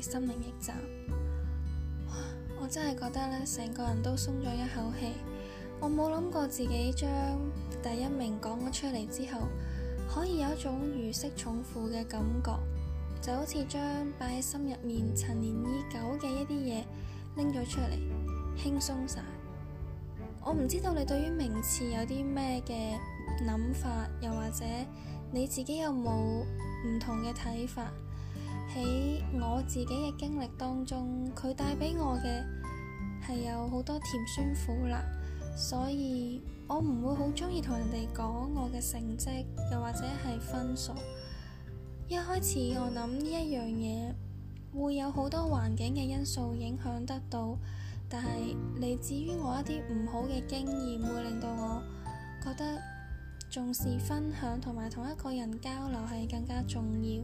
心靈驛站，我真係覺得咧，成個人都鬆咗一口氣。我冇諗過自己將第一名講咗出嚟之後，可以有一種如釋重負嘅感覺，就好似將擺喺心入面陳年已久嘅一啲嘢拎咗出嚟，輕鬆晒。我唔知道你對於名次有啲咩嘅諗法，又或者你自己有冇唔同嘅睇法？喺我自己嘅經歷當中，佢帶俾我嘅係有好多甜酸苦辣，所以我唔會好鍾意同人哋講我嘅成績，又或者係分數。一開始我諗呢一樣嘢會有好多環境嘅因素影響得到，但係嚟自於我一啲唔好嘅經驗，會令到我覺得重視分享同埋同一個人交流係更加重要。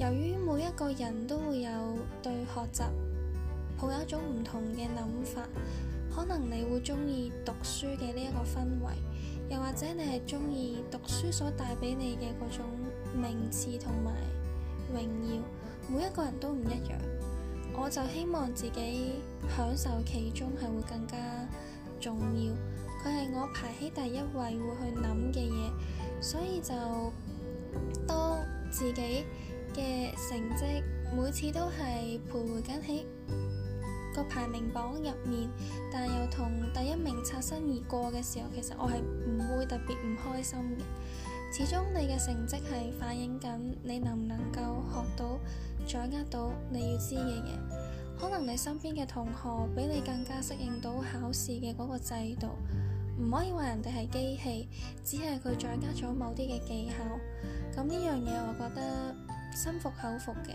由於每一個人都會有對學習抱有一種唔同嘅諗法，可能你會中意讀書嘅呢一個氛圍，又或者你係中意讀書所帶俾你嘅嗰種名次同埋榮耀。每一個人都唔一樣，我就希望自己享受其中係會更加重要。佢係我排喺第一位會去諗嘅嘢，所以就當自己嘅成績每次都係徘徊緊喺個排名榜入面，但又同第一名擦身而過嘅時候，其實我係唔會特別唔開心嘅。始終你嘅成績係反映緊你能唔能夠學到、掌握到你要知嘅嘢。可能你身邊嘅同學比你更加適應到考試嘅嗰個制度，唔可以話人哋係機器，只係佢掌握咗某啲嘅技巧。咁呢樣嘢，我覺得。心服口服嘅。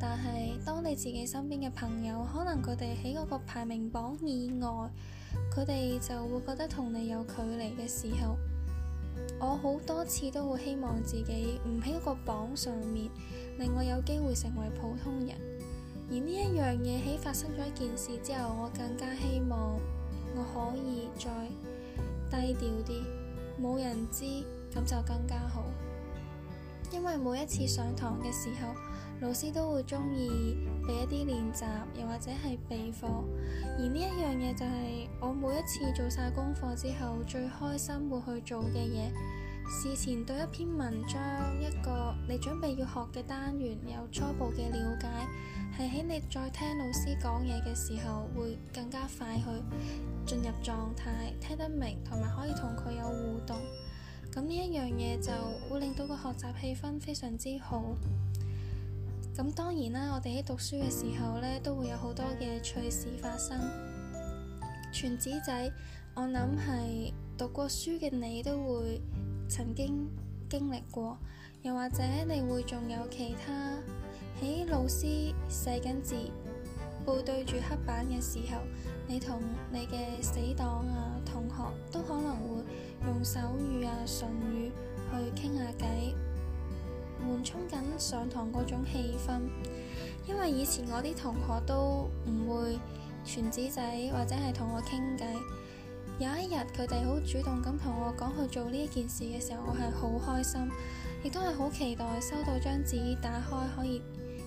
但係當你自己身邊嘅朋友，可能佢哋喺嗰個排名榜以外，佢哋就會覺得同你有距離嘅時候，我好多次都會希望自己唔喺嗰個榜上面，令我有機會成為普通人。而呢一樣嘢喺發生咗一件事之後，我更加希望我可以再低調啲，冇人知咁就更加好。因為每一次上堂嘅時候，老師都會中意俾一啲練習，又或者係備課。而呢一樣嘢就係、是、我每一次做晒功課之後，最開心會去做嘅嘢。事前對一篇文章、一個你準備要學嘅單元有初步嘅了解，係喺你再聽老師講嘢嘅時候，會更加快去進入狀態，聽得明同埋可以同佢有互動。咁呢一樣嘢就會令到個學習氣氛非常之好。咁當然啦，我哋喺讀書嘅時候呢，都會有好多嘅趣事發生。傳紙仔，我諗係讀過書嘅你都會曾經經歷過，又或者你會仲有其他喺老師寫緊字，背對住黑板嘅時候，你同你嘅死黨啊同學都可能會。用手語啊、唇語去傾下偈，緩衝緊上堂嗰種氣氛。因為以前我啲同學都唔會傳紙仔或者係同我傾偈。有一日佢哋好主動咁同我講去做呢一件事嘅時候，我係好開心，亦都係好期待收到張紙打開可以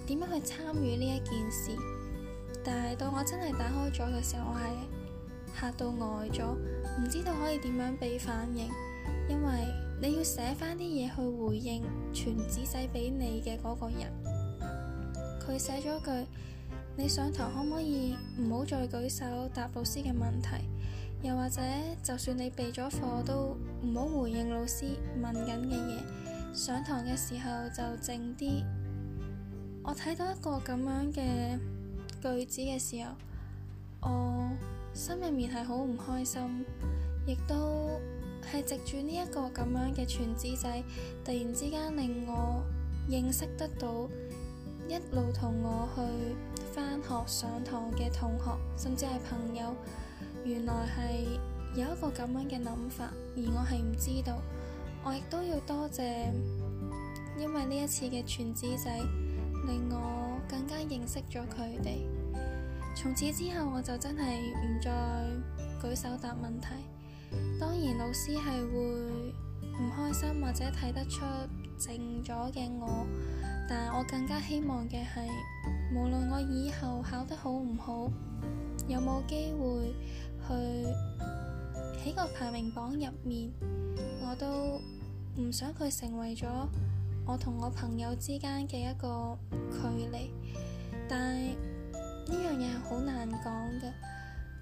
點樣去參與呢一件事。但係到我真係打開咗嘅時候，我係。嚇到呆咗，唔知道可以點樣俾反應，因為你要寫翻啲嘢去回應傳紙仔俾你嘅嗰個人。佢寫咗句：你上堂可唔可以唔好再舉手答老師嘅問題？又或者就算你備咗課都唔好回應老師問緊嘅嘢，上堂嘅時候就靜啲。我睇到一個咁樣嘅句子嘅時候，我。心入面係好唔開心，亦都係藉住呢一個咁樣嘅傳紙仔，突然之間令我認識得到一路同我去返學上堂嘅同學，甚至係朋友，原來係有一個咁樣嘅諗法，而我係唔知道。我亦都要多謝，因為呢一次嘅傳紙仔，令我更加認識咗佢哋。從此之後我就真係唔再舉手答問題。當然老師係會唔開心，或者睇得出靜咗嘅我，但我更加希望嘅係，無論我以後考得好唔好，有冇機會去喺個排名榜入面，我都唔想佢成為咗我同我朋友之間嘅一個距離。但係，呢樣嘢係好難講嘅，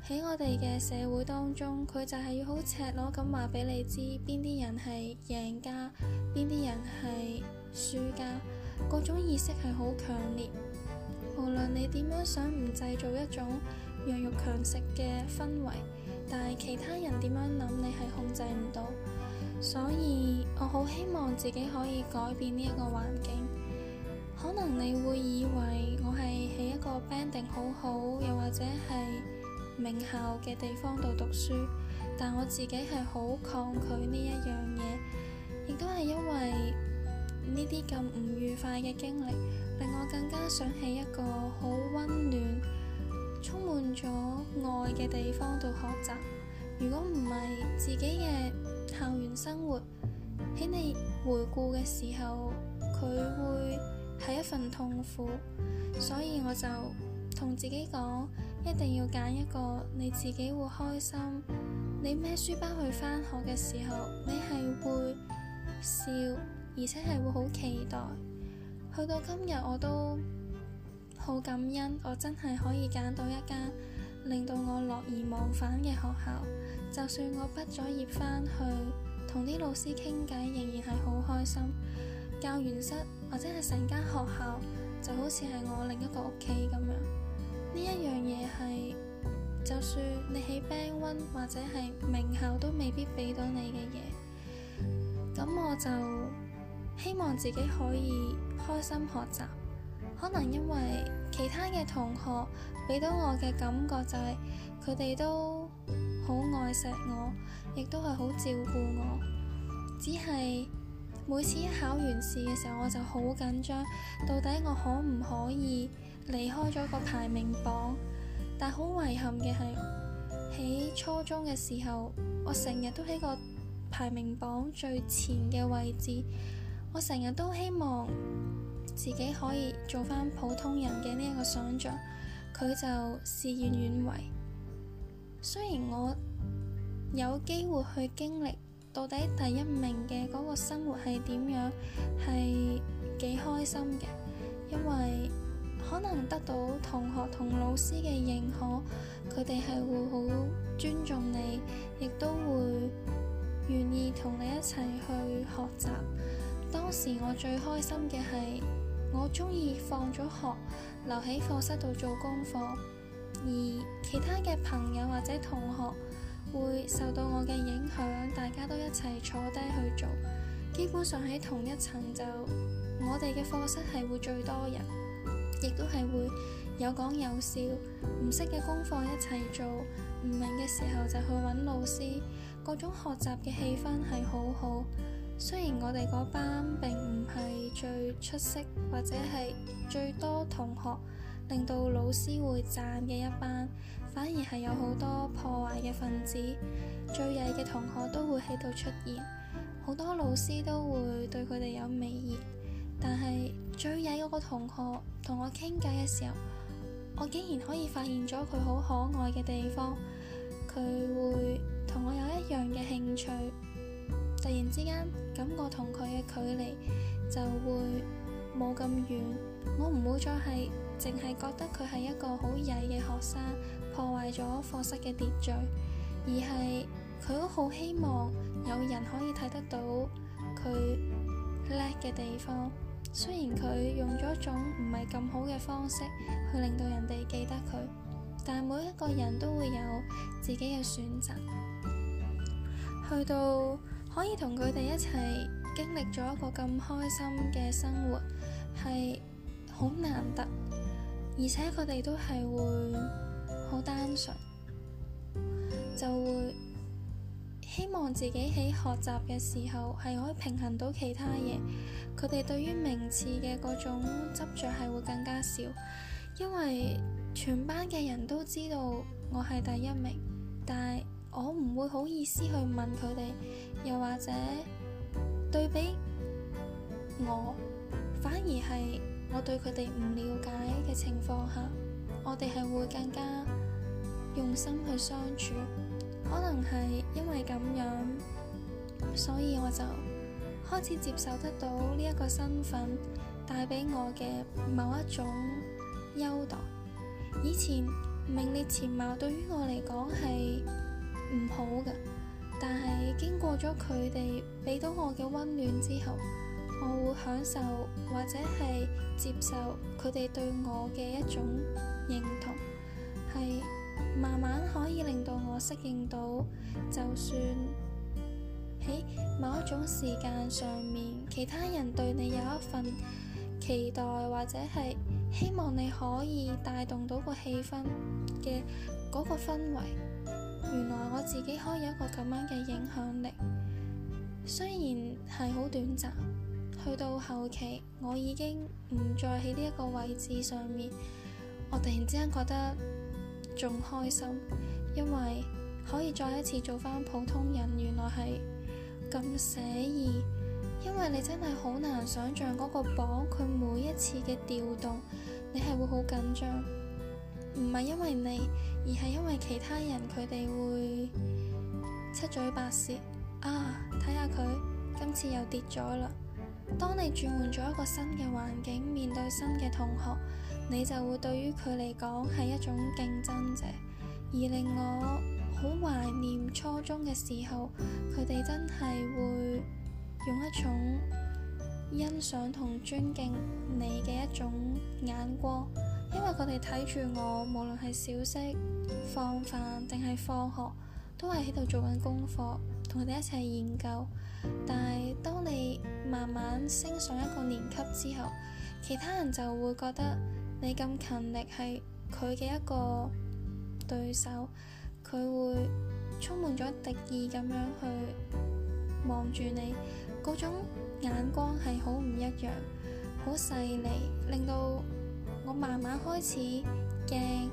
喺我哋嘅社會當中，佢就係要好赤裸咁話俾你知邊啲人係贏家，邊啲人係輸家，各種意識係好強烈。無論你點樣想唔製造一種弱肉強食嘅氛圍，但係其他人點樣諗，你係控制唔到。所以我好希望自己可以改變呢一個環境。可能你會以為我係。喺一個 banding 好好，又或者係名校嘅地方度讀書，但我自己係好抗拒呢一樣嘢，亦都係因為呢啲咁唔愉快嘅經歷，令我更加想喺一個好温暖、充滿咗愛嘅地方度學習。如果唔係自己嘅校園生活，喺你回顧嘅時候，佢會。係一份痛苦，所以我就同自己講，一定要揀一個你自己會開心，你孭書包去返學嘅時候，你係會笑，而且係會好期待。去到今日我都好感恩，我真係可以揀到一間令到我樂而忘返嘅學校。就算我畢咗業返去同啲老師傾偈，仍然係好開心。教員室。或者係成間學校，就好似係我另一個屋企咁樣。呢一樣嘢係，就算你喺 band one 或者係名校，都未必俾到你嘅嘢。咁我就希望自己可以開心學習。可能因為其他嘅同學俾到我嘅感覺就係、是，佢哋都好愛錫我，亦都係好照顧我，只係。每次一考完試嘅時候，我就好緊張。到底我可唔可以離開咗個排名榜？但好遺憾嘅係，喺初中嘅時候，我成日都喺個排名榜最前嘅位置。我成日都希望自己可以做翻普通人嘅呢一個想象。佢就事與願違，雖然我有機會去經歷。到底第一名嘅嗰個生活係點樣，係幾開心嘅，因為可能得到同學同老師嘅認可，佢哋係會好尊重你，亦都會願意同你一齊去學習。當時我最開心嘅係，我中意放咗學留喺課室度做功課，而其他嘅朋友或者同學。會受到我嘅影響，大家都一齊坐低去做。基本上喺同一層就我哋嘅課室係會最多人，亦都係會有講有笑。唔識嘅功課一齊做，唔明嘅時候就去揾老師。各種學習嘅氣氛係好好。雖然我哋嗰班並唔係最出色，或者係最多同學，令到老師會讚嘅一班。反而係有好多破壞嘅分子，最曳嘅同學都會喺度出現，好多老師都會對佢哋有微言。但係最曳嗰個同學同我傾偈嘅時候，我竟然可以發現咗佢好可愛嘅地方，佢會同我有一樣嘅興趣。突然之間，感覺同佢嘅距離就會冇咁遠。我唔會再係淨係覺得佢係一個好曳嘅學生。破壞咗課室嘅秩序，而係佢都好希望有人可以睇得到佢叻嘅地方。雖然佢用咗一種唔係咁好嘅方式去令到人哋記得佢，但係每一個人都會有自己嘅選擇。去到可以同佢哋一齊經歷咗一個咁開心嘅生活，係好難得，而且佢哋都係會。好單純，就會希望自己喺學習嘅時候係可以平衡到其他嘢。佢哋對於名次嘅嗰種執著係會更加少，因為全班嘅人都知道我係第一名，但係我唔會好意思去問佢哋，又或者對比我，反而係我對佢哋唔了解嘅情況下，我哋係會更加。用心去相處，可能係因為咁樣，所以我就開始接受得到呢一個身份帶俾我嘅某一種優待。以前名列前茅對於我嚟講係唔好嘅，但係經過咗佢哋俾到我嘅温暖之後，我會享受或者係接受佢哋對我嘅一種認同，係。慢慢可以令到我適應到，就算喺某一種時間上面，其他人對你有一份期待，或者係希望你可以帶動到個氣氛嘅嗰個氛圍。原來我自己可以有一個咁樣嘅影響力，雖然係好短暫。去到後期，我已經唔再喺呢一個位置上面，我突然之間覺得。仲開心，因為可以再一次做返普通人，原來係咁寫意。因為你真係好難想象嗰個榜，佢每一次嘅調動，你係會好緊張。唔係因為你，而係因為其他人，佢哋會七嘴八舌啊！睇下佢，今次又跌咗啦。當你轉換咗一個新嘅環境，面對新嘅同學。你就會對於佢嚟講係一種競爭者，而令我好懷念初中嘅時候，佢哋真係會用一種欣賞同尊敬你嘅一種眼光，因為佢哋睇住我，無論係小息、放飯定係放學，都係喺度做緊功課，同佢哋一齊研究。但係當你慢慢升上一個年級之後，其他人就會覺得。你咁勤力係佢嘅一個對手，佢會充滿咗敵意咁樣去望住你，嗰種眼光係好唔一樣，好細膩，令到我慢慢開始驚，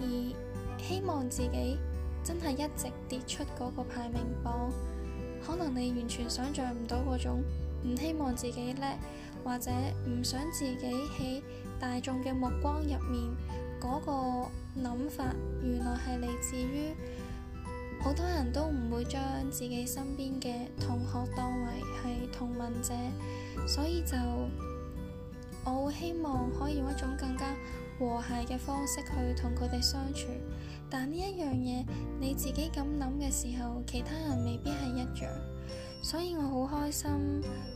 而希望自己真係一直跌出嗰個排名榜，可能你完全想象唔到嗰種，唔希望自己叻，或者唔想自己喺。大眾嘅目光入面，嗰、那個諗法原來係嚟自於好多人都唔會將自己身邊嘅同學當為係同文者，所以就我會希望可以用一種更加和諧嘅方式去同佢哋相處。但呢一樣嘢你自己咁諗嘅時候，其他人未必係一樣，所以我好開心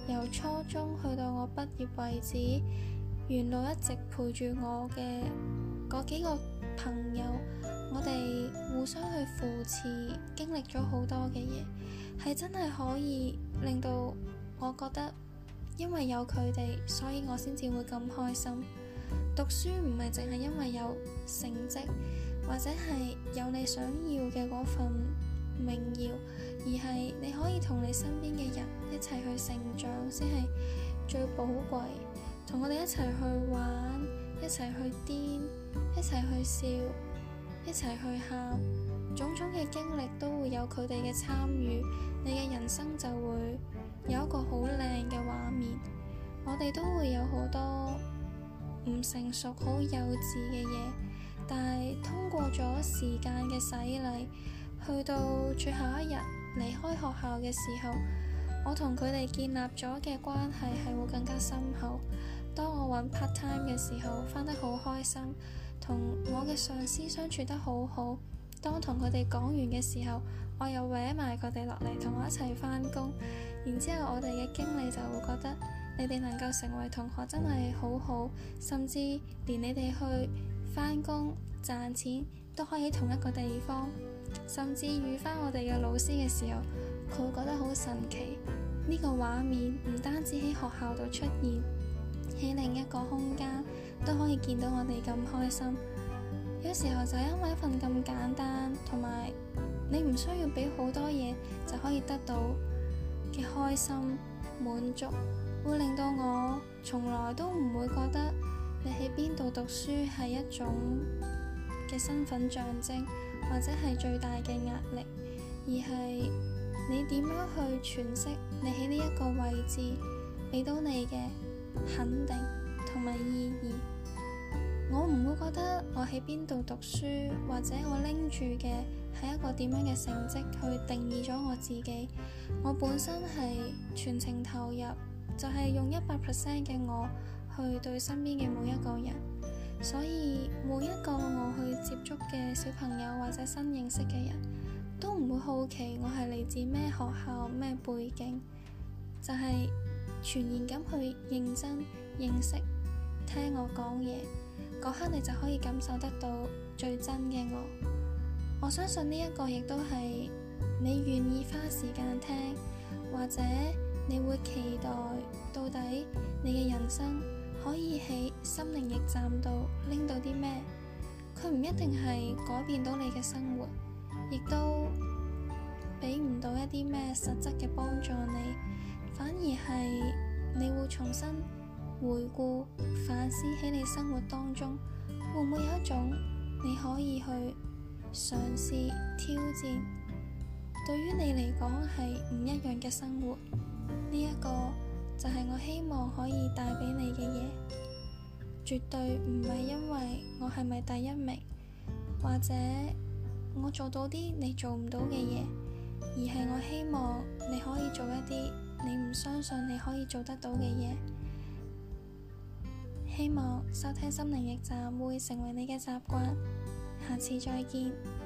由初中去到我畢業為止。沿路一直陪住我嘅嗰幾個朋友，我哋互相去扶持，經歷咗好多嘅嘢，係真係可以令到我覺得，因為有佢哋，所以我先至會咁開心。讀書唔係淨係因為有成績或者係有你想要嘅嗰份榮耀，而係你可以同你身邊嘅人一齊去成長先係最寶貴。同我哋一齊去玩，一齊去癲，一齊去笑，一齊去喊，種種嘅經歷都會有佢哋嘅參與。你嘅人生就會有一個好靚嘅畫面。我哋都會有好多唔成熟、好幼稚嘅嘢，但係通過咗時間嘅洗禮，去到最後一日離開學校嘅時候，我同佢哋建立咗嘅關係係會更加深厚。當我揾 part time 嘅時候，返得好開心，同我嘅上司相處得好好。當同佢哋講完嘅時候，我又搲埋佢哋落嚟，同我一齊返工。然之後，我哋嘅經理就會覺得你哋能夠成為同學真係好好，甚至連你哋去返工賺錢都可以同一個地方，甚至遇翻我哋嘅老師嘅時候，佢會覺得好神奇。呢個畫面唔單止喺學校度出現。喺另一個空間都可以見到我哋咁開心。有時候就因為一份咁簡單，同埋你唔需要俾好多嘢就可以得到嘅開心滿足，會令到我從來都唔會覺得你喺邊度讀書係一種嘅身份象徵，或者係最大嘅壓力，而係你點樣去詮釋你喺呢一個位置俾到你嘅。肯定同埋意義，我唔會覺得我喺邊度讀書或者我拎住嘅係一個點樣嘅成績去定義咗我自己。我本身係全程投入，就係用一百 percent 嘅我去對身邊嘅每一個人。所以每一個我去接觸嘅小朋友或者新認識嘅人，都唔會好奇我係嚟自咩學校咩背景，就係。全然咁去認真認識，聽我講嘢，嗰刻你就可以感受得到最真嘅我。我相信呢一個亦都係你願意花時間聽，或者你會期待，到底你嘅人生可以喺心靈驛站度拎到啲咩？佢唔一定係改變到你嘅生活，亦都俾唔到一啲咩實質嘅幫助你。反而係你會重新回顧反思喺你生活當中，會唔會有一種你可以去嘗試挑戰，對於你嚟講係唔一樣嘅生活呢？一個就係我希望可以帶畀你嘅嘢，絕對唔係因為我係咪第一名，或者我做到啲你做唔到嘅嘢，而係我希望你可以做一啲。你唔相信你可以做得到嘅嘢，希望收聽心靈驛站會成為你嘅習慣。下次再見。